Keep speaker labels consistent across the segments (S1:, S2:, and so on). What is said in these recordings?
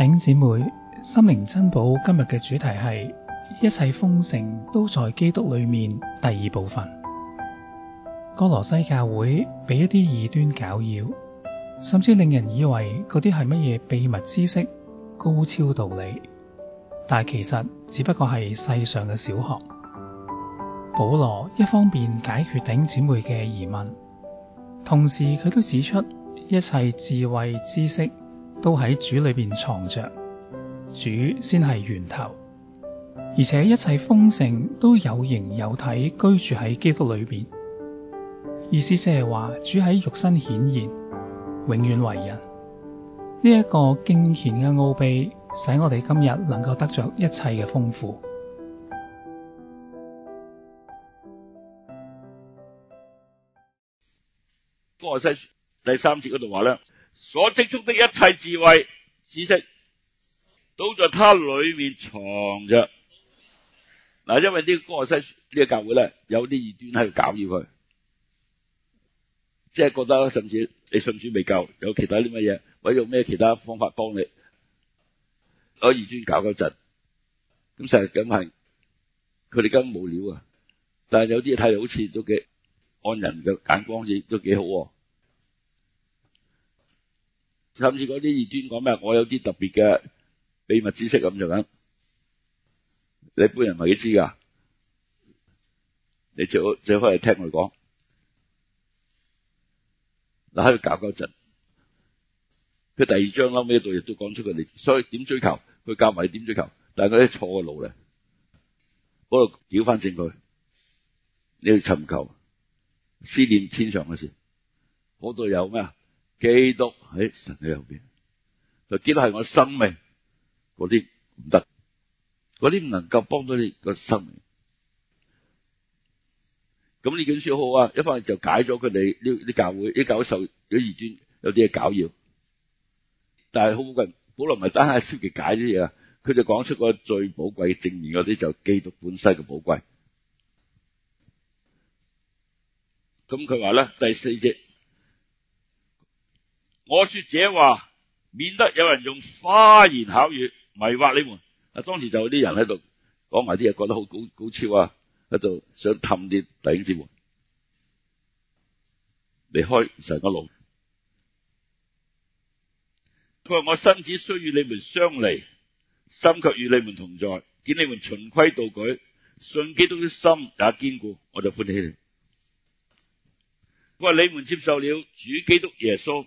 S1: 弟姊妹，心靈珍寶今日嘅主題係一切豐盛都在基督裡面第二部分。哥羅西教會俾一啲異端攪擾，甚至令人以為嗰啲係乜嘢秘密知識、高超道理，但其實只不過係世上嘅小學。保羅一方面解決弟姊妹嘅疑問，同時佢都指出一切智慧知識。都喺主裏邊藏着，主先係源頭，而且一切豐盛都有形有體居住喺基督裏邊。意思即係話主喺肉身顯現，永遠為人。呢、這、一個敬虔嘅奧秘，使我哋今日能夠得着一切嘅豐富。歌羅西第三節嗰度話咧。所積蓄的一切智慧知識，都在他裡面藏着。嗱，因為呢個歌羅西呢個教會咧，有啲異端喺度搞住佢，即係覺得甚至你信主未夠，有其他啲乜嘢，或者用咩其他方法幫你，嗰異端搞嗰陣，咁成日咁係，佢哋根本冇料啊。但係有啲嘢睇嚟，好似都幾按人嘅眼光，亦都幾好。甚至嗰啲異端講咩？我有啲特別嘅秘密知識咁就緊，你本人唔係幾知噶？你最好最好係聽佢講。嗱，喺度搞搞陣，佢第二章後尾度亦都講出佢哋，所以點追求佢教埋你點追求？但係佢啲錯嘅路咧，嗰度調翻正佢。你要尋求思念天上嘅事，嗰度有咩啊？基督喺神嘅右邊，就基督係我生命嗰啲唔得，嗰啲唔能夠幫到你個生命。咁呢卷書好啊，一翻嚟就解咗佢哋啲啲教會啲教授啲二專有啲嘢搞要，但係好貴。保羅唔係單係消極解啲嘢啊，佢就講出個最寶貴嘅正面嗰啲就基督本身嘅寶貴。咁佢話咧第四節。我說這話，免得有人用花言巧語迷惑你們。啊，當時就有啲人喺度講埋啲嘢，覺得好高高超啊，喺度想氹啲弟兄姊妹，離開神個路。佢話我身子雖與你們相離，心卻與你們同在。見你們循規蹈矩，信基督的心也堅固，我就歡喜了。佢話你們接受了主基督耶穌。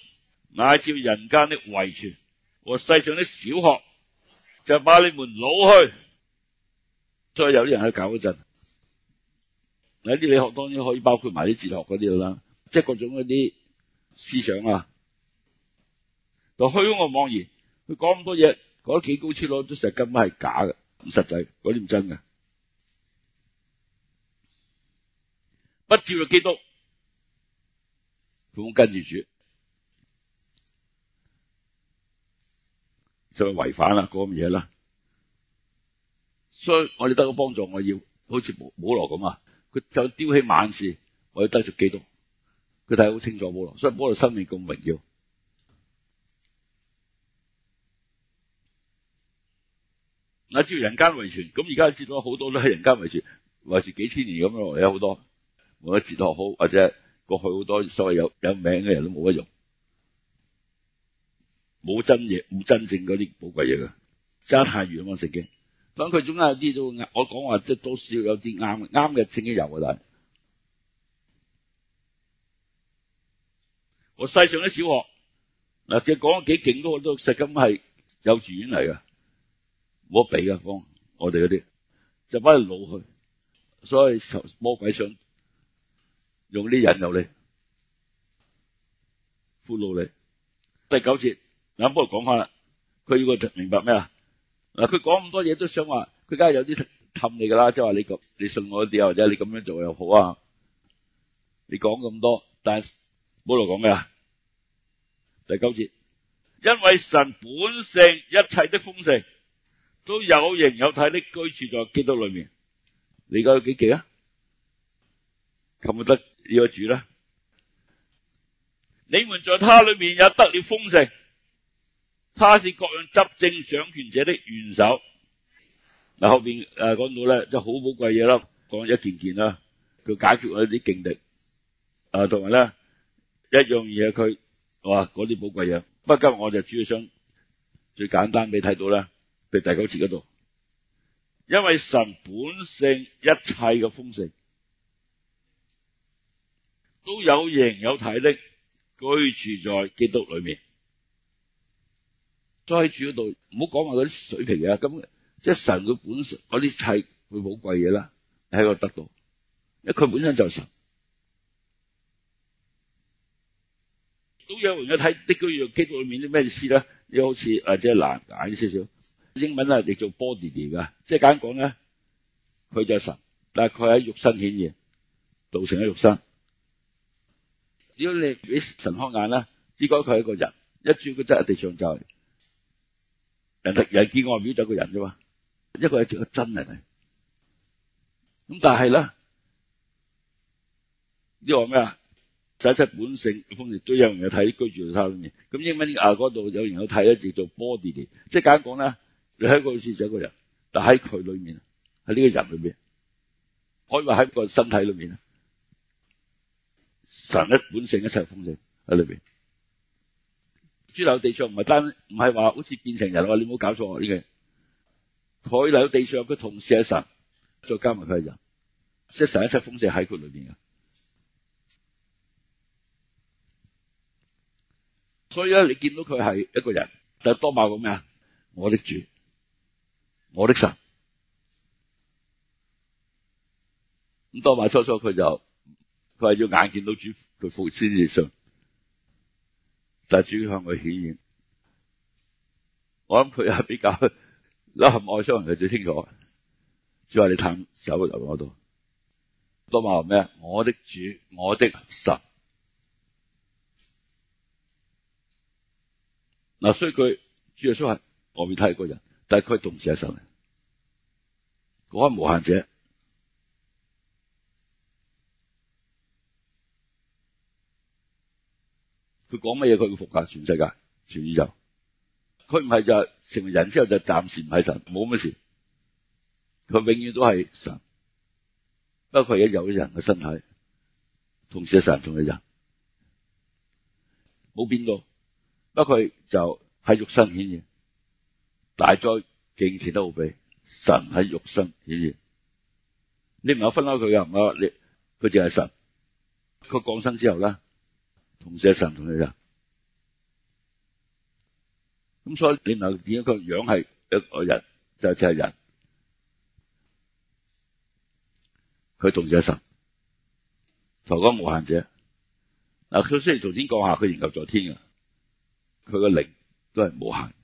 S1: 乃照人間的遺傳和世上的小學，就把你們擄去，再有啲人喺搞一陣，嗱啲理學當然可以包括埋啲哲學嗰啲啦，即係各種嗰啲思想啊，就虛空嘅妄言。佢講咁多嘢，講得幾高超囉，都成日根本係假嘅，唔實際，嗰啲唔真嘅，不照就基督，仲跟住住。就係、是、違反啦，嗰咁嘢啦。所以，我哋得到幫助，我要好似保羅咁啊，佢就丟棄萬事，我要得著基督。佢睇好清楚保羅，所以保羅生命咁榮耀。嗱，至於人間遺傳，咁而家知道好多都係人間遺傳，遺傳幾千年咁樣有好多。無論哲學好，或者過去好多所謂有有名嘅人都冇乜用。冇真嘢，冇真正嗰啲寶貴嘢嘅，真係太遠啦！聖經，咁佢總然之都，我講話即係多少有啲啱嘅，啱嘅聖經有嘅啦。我世上啲小學嗱，即講得幾勁都都，實咁係幼稚園嚟嘅，冇得比嘅。講我哋嗰啲就把你擄去，所以魔鬼想用啲引誘你、俘虜你。第九節。嗱，不如講翻啦。佢要個明白咩啦？嗱，佢講咁多嘢都想話，佢梗係有啲氹你噶啦，即係話你咁，你信我啲啊，或者你咁樣做又好啊。你講咁多，但係冇落講咩啊。第九節，因為神本性一切的豐盛都有形有體的居住在基督裏面。你而家有幾記啊？冚冇得呢個主咧？你們在他裏面也得了豐盛。他是各樣執政掌權者的元首。嗱，後邊誒，講到咧，即係好寶貴嘢啦，講一件件啦。佢解決我哋啲勁敵，誒同埋咧一樣嘢，佢係嘛嗰啲寶貴嘢。不過今日我就主要想最簡單俾你睇到咧，譬如第九節嗰度，因為神本性一切嘅豐盛都有形有體的居住在基督裏面。栽住嗰度，唔好講話嗰啲水平嘢。咁即係神，佢本身嗰啲嘢會好貴嘅啦，喺嗰度得到，因為佢本身就係神。都有形有體嘅居住喺基督裏面係咩意思咧？有好似啊，或者難解少少。英文啊，亦做 body 嘅，即係簡單講咧，佢就係神，但係佢喺肉身顯現，道成咗肉身。只要你俾神開眼咧，知嗰佢係一個人，一轉嗰質地上就。人哋人見外表就一個人啫嘛，一個係一個真人嚟，咁但係咧，要講咩啊？神本性嘅豐盛，都有形有體居住喺裏面。咁英文啊嗰度有有形有體咧，叫做 body，即係簡單講咧，你睇個意思就一個人，但喺佢裏面，喺呢個人裏面，可以話喺個身體裏面啊，神嘅本性一切豐盛喺裏面。主嚟到地上唔係單，唔係話好似變成人喎，你冇搞錯呢個。佢嚟到地上，佢同時係神，再加埋佢係人，即係神一切豐盛喺佢裏邊嘅。所以咧，你見到佢係一個人，但係多馬講咩啊？我的主，我的神。咁多馬初初佢就佢係要眼見到主佢復活先至信。但主要向佢顯現，我諗佢又比較嗱，望外雙人係最清楚，只話你探手入嗰度，都話咩？我的主，我的神。嗱，所以佢主要說話外面睇係個人，但係佢同時係神，嗰個無限者。佢講乜嘢，佢會服噶，全世界、全宇宙。佢唔係就係成為人之後就暫時唔係神，冇乜事。佢永遠都係神，不過佢而家有咗人嘅身體，同時係神，仲係人，冇變過。不過就喺肉身顯現，大災敬虔都好俾神喺肉身顯現。你唔係有分開佢噶，唔係你佢淨係神，佢降生之後咧。同時神同時人，咁所以你唔係會見到佢樣係一個人，就係只係人，佢同時神，頭講無限者，嗱佢雖然頭先講下佢研究咗天啊，佢個靈都係無限。